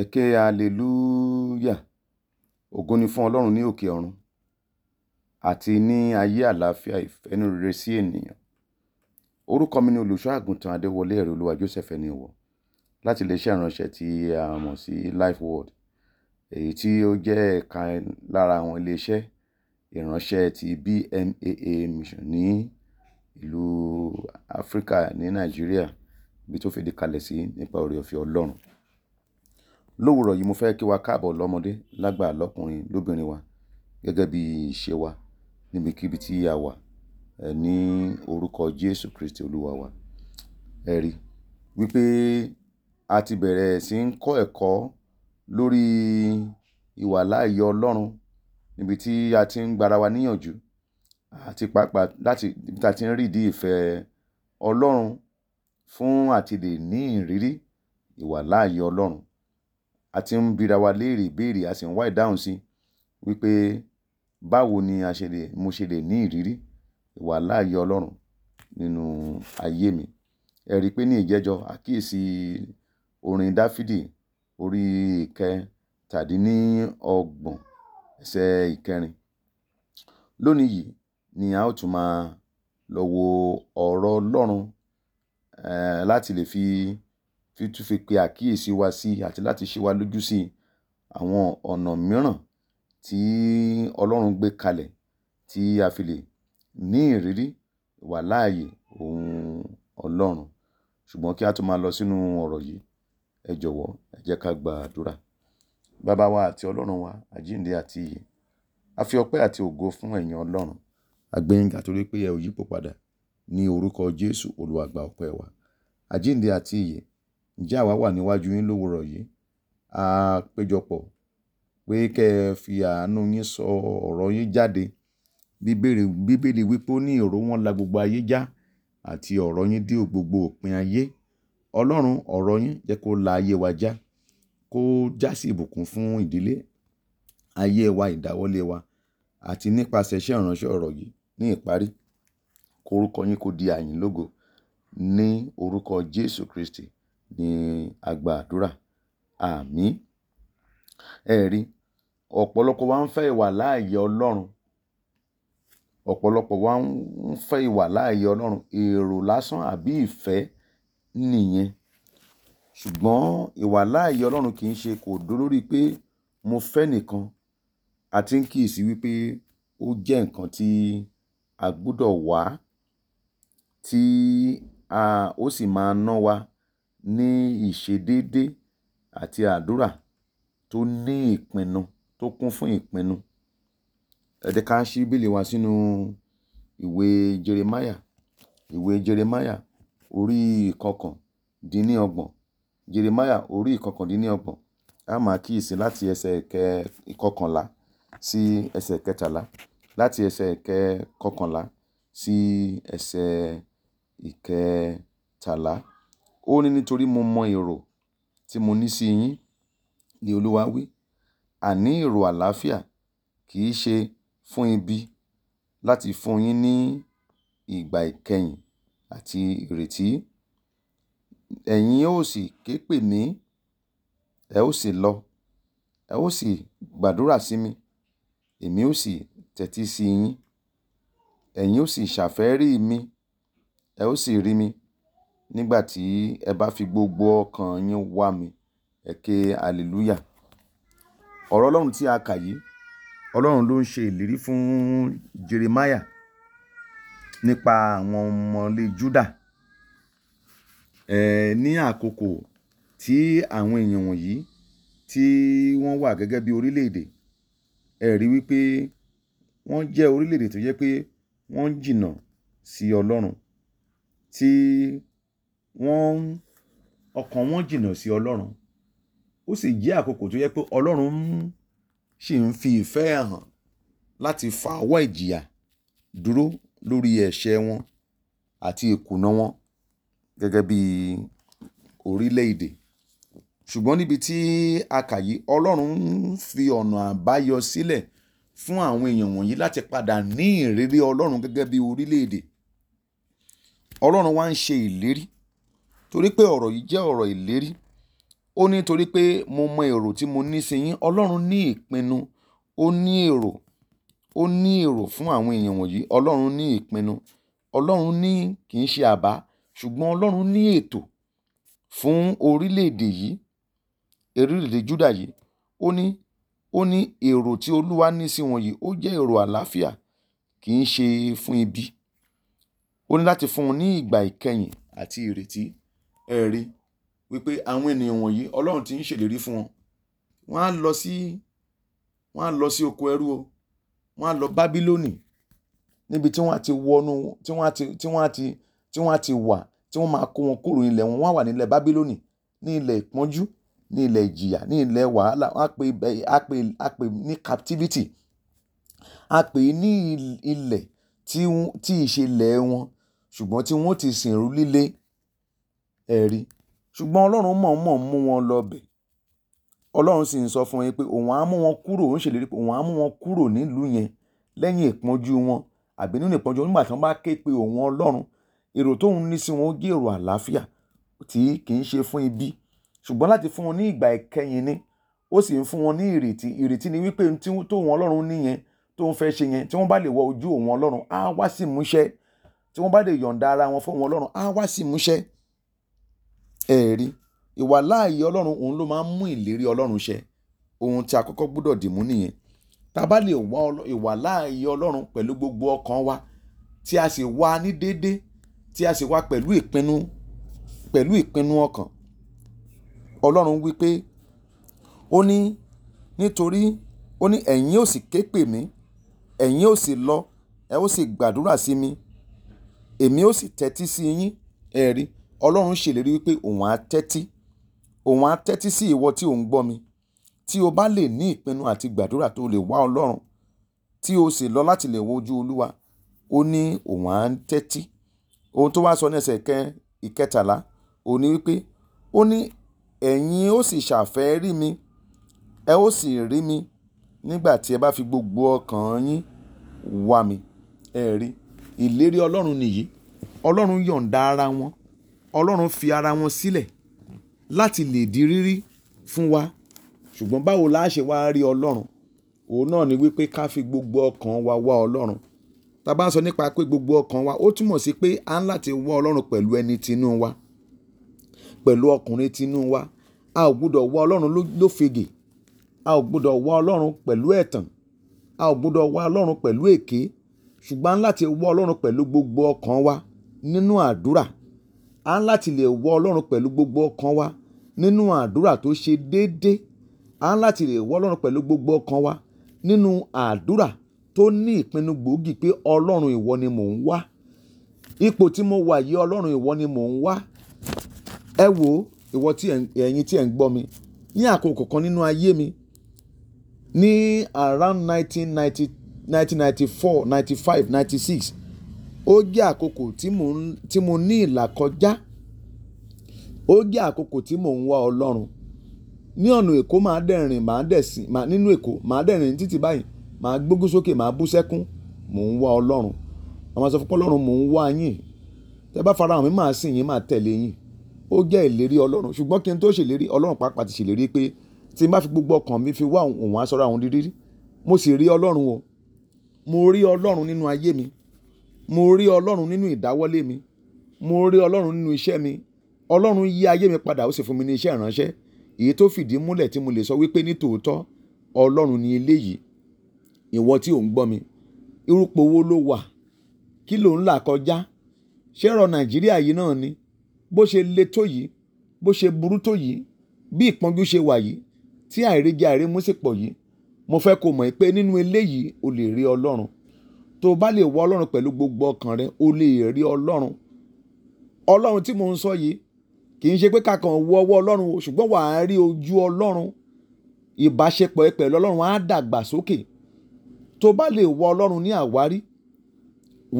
Ẹ̀kẹ́ haleluya! Ògo ni fún Ọlọ́run ní òkè ọ̀run àti ní ayé àlàáfíà ìfẹ́nú rere sí ènìyàn. Orúkọ mi ni olùṣọ́ àgùntàn Adéwọlé ẹ̀rí olúwa Joseph ẹni ìwọ̀ láti iléeṣẹ́ ìránṣẹ́ tí a mọ̀ sí Life Word èyí tí ó jẹ́ ẹ̀ka lára àwọn iléeṣẹ́ ìránṣẹ́ ti BMAA Mission ní ìlú Áfríkà ní Nàìjíríà bí tó fìdí kalẹ̀ sí nípa oore ọ̀fẹ́ Ọlọ́run. Lówùrọ̀ yìí mo fẹ́ kí wa káàbọ̀ lọ́mọdé lágbà lọ́kùnrin lóbìnrin wa gẹ́gẹ́ bí ìṣe wa níbikíbi tí a wà, ẹ̀ ní orúkọ Jésù Kristi Olúwa wa. Ẹ rí wípé a ti bẹ̀rẹ̀ sí ń kọ́ ẹ̀kọ́ lórí ìwà láàyè Ọlọ́run níbi tí a ti ń gba wa níyànjú àti pàápàá láti ibi tí a ti ń rí ìdí ìfẹ́ Ọlọ́run fún àti lè ní ìrírí ìwà láàyè Ọlọ́run a ti ń bira wa léèrè ìbéèrè, a sì ń wá ìdáhùn sí wípé báwo ni a ṣe lè, mo ṣe lè ní ìrírí ìwà láàyè Ọlọ́run nínú ayé mi. Ẹ rí pé ní ìjẹ́jọ́ àkíyèsí orin Dafidi orí ìkẹtàdínní ọgbọ̀n ẹsẹ ìkẹrin. Lónìí yìí ni a ó tún máa lọ wo ọ̀rọ̀ Ọlọ́run, eh, láti lè fi fi tún fi pe àkíyèsí wa sí àti láti ṣe wá lójú sí àwọn ọ̀nà mìíràn tí Ọlọ́run gbé kalẹ̀ tí a fi lè ní ìrírí wà láàyè ohun Ọlọ́run. Ṣùgbọ́n kí a tó máa lọ sínú ọ̀rọ̀ yìí, ẹ jọ̀wọ́ ẹ jẹ́ ká gba àdúrà. Baba wa àti Ọlọ́run wa, àjíǹde àti ìyè. A fi ọpẹ́ àti ògo fún ẹ̀yin Ọlọ́run. A gbé yín ga torí pé ẹ ò yípo padà ní orúkọ Jésù Olúwa ọpẹ́ wa. Àjíǹde àti ìyè Ǹjẹ́ àwa wà níwájú yín lówùrọ̀ yìí? A péjọpọ̀ pé kí ẹ fi àánú yín sọ ọ̀rọ̀ yín jáde. Bíbélì wípé ó ní èrò wọn la gbogbo ayé já àti ọ̀rọ̀ yín dé gbogbo òpin ayé. Ọlọ́run ọ̀rọ̀ yín jẹ́ kó la ayé wa já, kó jásí ìbùkún fún ìdílé, ayé wa, ìdáwọ́lé wa àti nípasẹ̀ iṣẹ́ ìránṣẹ́ ọ̀rọ̀ yìí ní ìparí. Orúkọ yín kó di àyìn ní orúkọ Jésù Kristi ni a gba àdúrà. Àmín. Ẹ rí, ọ̀pọ̀lọpọ̀ wa ń fẹ́ ìwà láàyè Ọlọ́run. Ọ̀pọ̀lọpọ̀ wa ń fẹ́ ìwà láàyè Ọlọ́run. Èrò lásán àbí ìfẹ́ nìyẹn. Ṣùgbọ́n ìwà láàyè Ọlọ́run kì í ṣe kò dúró lórí pé mo fẹ́ nìkan. A ti ń kíyèsi wípé ó jẹ́ ǹkan tí a gbọdọ̀ wà, tí ó sì máa ná wa ní ìṣedéédé àti àdúrà tó ní ìpinnu tó kún fún ìpinnu. Ẹ jẹ́ ká ṣí bíbélì wa sínú ìwé Jeremiah, ìwé Jeremiah orí ìkọkàndín ní ọgbọ̀n. Jeremiah orí ìkọkàndín ní ọgbọ̀n. A máa kíyèsi láti ẹsẹ̀ kẹ ìkọkànlá sí ẹsẹ̀ kẹtàlá, láti ẹsẹ̀ kẹ kọkànlá sí ẹsẹ̀ ìkẹtàlá. Ó ní nítorí mo mọ èrò tí mo ní sí yín ni Olúwa wí, àní èrò àlàáfíà kì í ṣe fún ibi láti fún un yín ní ìgbà ìkẹyìn àti ìrètí. Ẹ̀yin ó sì ké pè mí, ẹ ó sì lọ, ẹ ó sì gbàdúrà sí mi, èmi ó sì tẹ́tí sí yín. Ẹ̀yin ó sì ṣàfẹ́rí mi, ẹ ó sì rí mi. Nígbà tí ẹ bá fi gbogbo ọkàn yín wá mi, ẹ hallelujah. Ọ̀rọ̀ Ọlọ́run tí a kà yìí, Ọlọ́run ló ń ṣe ìlérí fún Jeremiah nípa àwọn ọmọ ilé Juda. Ẹ̀ ní àkókò tí àwọn èèyàn wọ̀nyí tí wọ́n wà gẹ́gẹ́ bí orílẹ̀-èdè, ẹ rí i wípé wọ́n jẹ́ orílẹ̀-èdè tó jẹ́ pé wọ́n jìnnà sí Ọlọ́run tí wọ́n ọkàn wọn jìnnà sí ọlọ́run ó sì jẹ́ àkókò tó yẹ pé ọlọ́run sì ń fi ìfẹ́ hàn láti fa ọwọ́ ìjìyà dúró lórí ẹ̀ṣẹ̀ wọn àti ìkùnà wọn gẹ́gẹ́ bí orílẹ̀-èdè ṣùgbọ́n níbi tí a kà yìí ọlọ́run fi ọ̀nà àbáyọ sílẹ̀ fún àwọn èèyàn wọ̀nyí láti padà ní ìrírí ọlọ́run gẹ́gẹ́ bí orílẹ̀-èdè ọlọ́run wá ń ṣe ìlérí torí pé ọ̀rọ̀ yìí jẹ́ ọ̀rọ̀ ìlérí ó ní torí pé mo mọ èrò tí mo ní sí yín ọlọ́run ní ìpinnu ó ní èrò ó ní èrò fún àwọn èèyàn wọ̀nyí ọlọ́run ní ìpinnu ọlọ́run ní kì í ṣe àbá ṣùgbọ́n ọlọ́run ní ètò fún orílẹ̀-èdè yìí orílẹ̀-èdè Júdà yìí ó ní ó ní èrò tí olúwa ní sí wọn ó jẹ́ èrò àlàáfíà kì í ṣe fún ibi ó ní láti fún un ní ìgbà ìkẹyìn àti ìrètí ẹ rí wípé àwọn ènìyàn wọ̀nyí ọlọ́run ti ń ṣèlérí fún wọn wọ́n á lọ sí wọ́n á lọ sí oko ẹrú o wọ́n á lọ bábílónì níbi tí wọ́n á ti wọnú tí wọ́n á ti tí wọ́n á ti tí wọ́n ti wà tí wọ́n máa kó wọn kúrò nílẹ̀ wọn wọ́n wà nílẹ̀ bábílónì ní ilẹ̀ ìpọ́njú ní ilẹ̀ ìjìyà ní ilẹ̀ wàhálà wọ́n á pè á pè á pè ní captivity á pè ní ilẹ̀ tí tí ìṣe ilẹ̀ wọn ṣùgbọ́n tí wọ́n ti sìnrú líle ẹ̀rí. Ṣùgbọ́n Ọlọ́run mọ̀ọ́mọ̀ mú wọn lọ bẹ̀. Ọlọ́run sì ń sọ fún yín pé òun á mú wọn kúrò, ó ń ṣèlérí pé òun á mú wọn kúrò nílùú yẹn lẹ́yìn ìpọ́njú wọn àbí nínú ìpọ́njú nígbà tí wọ́n bá ké pe òun Ọlọ́run. Èrò tó ń ní sí wọn ó jẹ́ èrò àlàáfíà tí kì í ṣe fún ibi. Ṣùgbọ́n láti fún wọn ní ìgbà ìkẹyìn ni. Ó sì ń fún wọn ní ìrètí. Ìrètí ni wípé ohun tí òun Ọlọ́run ní yẹn tó ń fẹ́ ṣe yẹn tí wọ́n bá lè wọ ojú òun Ọlọ́run á wá sí ìmúṣẹ. Tí wọ́n bá lè yọ̀ǹda ara wọn fún òun Ọlọ́run á wá sí ìmúṣẹ ẹ̀rí ìwà láàyè ọlọ́run òun ló máa ń mú ìlérí ọlọ́run ṣẹ ohun tí a kọ́kọ́ gbọ́dọ̀ dìmú nìyẹn tá a bá lè wá ìwà láàyè ọlọ́run pẹ̀lú gbogbo ọkàn wa tí a sì wá ní déédéé tí a sì wá pẹ̀lú ìpinnu pẹ̀lú ìpinnu ọkàn ọlọ́run wí pé ó ní nítorí ó ní ẹ̀yin ó sì ké pè mí ẹ̀yin ó sì lọ ẹ ó sì gbàdúrà sí mi èmi ó sì tẹ́tí sí yín ẹ̀rí ọlọ́run ṣèlérí wípé òun á tẹ́tí òun á tẹ́tí sí ìwọ tí ò ń gbọ́ mi tí o bá lè ní ìpinnu àti gbàdúrà tó lè wá ọlọ́run tí o sì lọ láti lè wojú olúwa ó ní òun á tẹ́tí ohun tó wá sọ ní ẹsẹ̀ ìkẹtàlá ó ní wípé ó ní ẹ̀yin ó sì ṣàfẹ́ rí mi ẹ ó sì rí mi nígbà tí ẹ bá fi gbogbo ọkàn yín wá mi ẹ rí ìlérí ọlọ́run nìyí ọlọ́run yọ̀ǹda ara wọn ọlọ́run fi ara wọn sílẹ̀ láti lè di rírí fún wa ṣùgbọ́n báwo la ṣe wá rí ọlọ́run òun náà ni wípé ká fi gbogbo ọkàn wa wá ọlọ́run tá a bá ń sọ nípa pé gbogbo ọkàn wa ó túmọ̀ sí pé a ń láti wá ọlọ́run pẹ̀lú ẹni tinú wa pẹ̀lú ọkùnrin tinú wa a ò gbúdọ̀ wá ọlọ́run lófegè a ò gbúdọ̀ wá ọlọ́run pẹ̀lú ẹ̀tàn a ò gbúdọ̀ wá ọlọ́run pẹ̀lú èké ṣùgbọ́n a ń láti wá ọlọ́run pẹ̀lú gbogbo ọkàn wa nínú àdúrà a ń láti lè wọ ọlọ́run pẹ̀lú gbogbo ọkàn wa nínú àdúrà tó ṣe déédé a ń láti lè wọ ọlọ́run pẹ̀lú gbogbo ọkàn wa nínú àdúrà tó ní ìpinnu gbòógì pé ọlọ́run ìwọ ni mò ń wá ipò tí mo wà yìí ọlọ́run ìwọ ni mò ń wá ẹ wò ó ìwọ tí ẹ̀yin tí ẹ̀ ń gbọ́ mi ní àkókò kan nínú ayé mi ní around nineteen ninety nineteen ninety four ninety five ninety six ó jẹ́ àkókò tí mo ní ìlàkọjá ó jẹ́ àkókò tí mò ń wá ọlọ́run ní ọ̀nà èkó máa dẹ̀rìn máa dẹ̀sìn nínú èkó máa dẹ̀rìn títí báyìí máa gbógun sókè máa bú sẹ́kún mò ń wá ọlọ́run àwọn sọ fún ọlọ́run mò ń wá yín tẹ́ bá farahàn mi máa sìn yín máa tẹ̀lé yín ó jẹ́ ìlérí ọlọ́run ṣùgbọ́n kí n tó ṣèlérí ọlọ́run pàápàá ti ṣèlérí pé tí n bá fi gbogbo ọkàn mi fi wá òun aṣọra òun rírí mo sì rí ọlọ́run o mo rí ọlọ́run nínú ayé mi mo rí ọlọ́run nínú ìdáwọ́lé mi mo rí ọlọ́run nínú iṣẹ́ mi ọlọ́run yí ayé mi padà ó sì fún mi ní iṣẹ́ ìránṣẹ́ èyí tó fìdí múlẹ̀ tí mo lè sọ wípé ní tòótọ́ ọlọ́run ni eléyìí ìwọ tí ò ń gbọ́ mi irúpò wo ló wà kí ló ń là kọjá ṣé nàìjíríà yìí náà ni bó ṣe le tó yìí bó ṣe burú tó yìí bí ìpọ́njú ṣe wà yìí tí àìríjẹ àìrímú sì pọ̀ yìí mo fẹ́ kó mọ̀ pé nínú eléyìí o lè rí ọlọ́run tó o bá lè wá ọlọ́run pẹ̀lú gbogbo ọkàn rẹ o lè rí ọlọ́run ọlọ́run tí mo ń sọ yìí kì í ṣe pé kàkàn wọ ọwọ́ ọlọ́run o ṣùgbọ́n wà á rí ojú ọlọ́run ìbáṣepọ̀ ẹ pẹ̀lú ọlọ́run á dàgbà sókè tó o bá lè wá ọlọ́run ní àwárí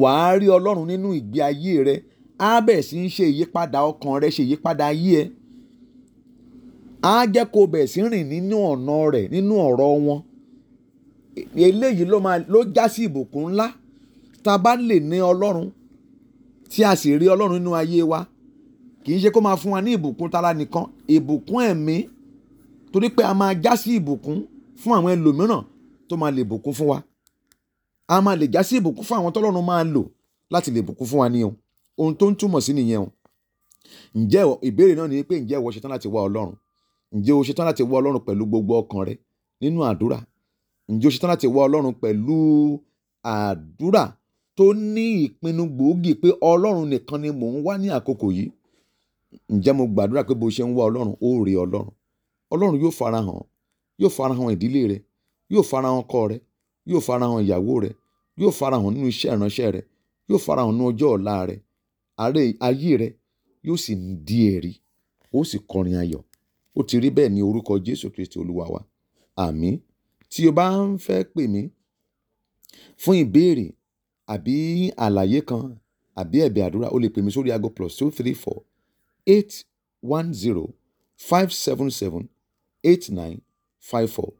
wà á rí ọlọ́run nínú ìgbé ayé rẹ á bẹ̀rẹ̀ sí í ṣe ìyípadà ọkàn rẹ ṣe ìyípadà ayé ẹ á jẹ́ kó o bẹ̀rẹ̀ sí rìn nínú ọ̀nà rẹ̀ nínú ọ̀rọ̀ wọn eléyìí ló máa ló já sí ìbùkún ńlá tá a bá lè ní ọlọ́run tí a sì rí ọlọ́run nínú ayé wa kì í ṣe kó máa fún wa ní ìbùkún tara nìkan ìbùkún ẹ̀mí torí pé a máa já sí ìbùkún fún àwọn ẹlòmíràn tó máa lè bùkún fún wa a máa lè já sí ìbùkún fún àwọn tọ́lọ́run máa lò láti lè bùkún fún wa ní o ohun tó ń túmọ̀ sí nìyẹn o ǹjẹ́ ìbéèrè náà ni pé ǹjẹ́ ìwọ ṣetán láti wá ọlọ́run ǹjẹ́ o ṣetán láti wá ọlọ́run pẹ̀lú gbogbo ọkàn rẹ nínú àdúrà ǹjẹ́ o ṣetán láti wá ọlọ́run pẹ̀lú àdúrà tó ní ìpinnu gbòógì pé ọlọ́run nìkan ni mò ń wá ní àkókò yìí ǹjẹ́ mo gbàdúrà pé bó ṣe ń wá ọlọ́run ó rí ọlọ́run ọlọ́run yóò farahàn yóò farahàn ìdílé rẹ yóò farahàn ọkọ rẹ yóò farahàn ìyàwó rẹ yóò farahàn nínú iṣẹ́ ìránṣẹ́ rẹ yóò farahàn nínú ọjọ́ ọ̀la rẹ àárẹ̀ ayé rẹ yóò sì di ẹ̀rí ó sì kọrin ayọ̀ ó ti rí bẹ́ẹ̀ ní orúkọ Jésù Kristi olúwa wa àmín Tí o bá ń fẹ́ pè mí fún ìbéèrè àbí àlàyé kan àbí ẹ̀bẹ̀ àdúrà, o lè pè mí sórí ago plus two three four eight one zero five seven seven eight nine five four.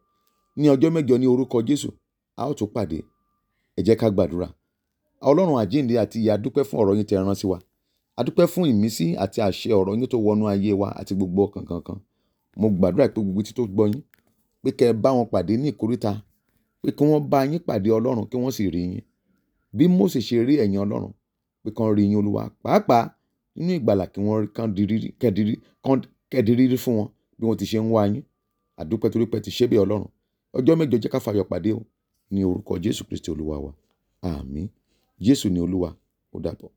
Ní ọjọ́ mẹ́jọ ní orúkọ Jésù, a ó tún pàdé. Ẹ ká gbàdúrà. Ọlọ́run àjíǹde àti ìyè, a dúpẹ́ fún ọ̀rọ̀ yín tí ẹ rán sí wa. A dúpẹ́ fún ìmísí àti àṣẹ ọ̀rọ̀ yín tó wọnú ayé wa àti gbogbo ọkàn kankan. Mo gbàdúrà pé gbogbo etí tó gbọ́ yín pé kẹ́ ẹ bá wọn pàdé ní ìkóríta pé kí wọ́n bá yín pàdé Ọlọ́run kí wọ́n sì rí yín bí Mósè ṣe rí ẹ̀yìn Ọlọ́run pé kán rí yín Olúwa pàápàá nínú ìgbàlà kí wọ́n kẹ́ẹ̀dì rírí fún wọn bí wọ́n ti ṣe ń wá yín àdúpẹ́ torí pé ti ṣe bí Ọlọ́run ọjọ́ mẹ́jọ jẹ́ ká fàyọ̀ pàdé o ní orúkọ Jésù Kristi Olúwa wa àmín Jésù ni Olúwa ó dàbọ̀.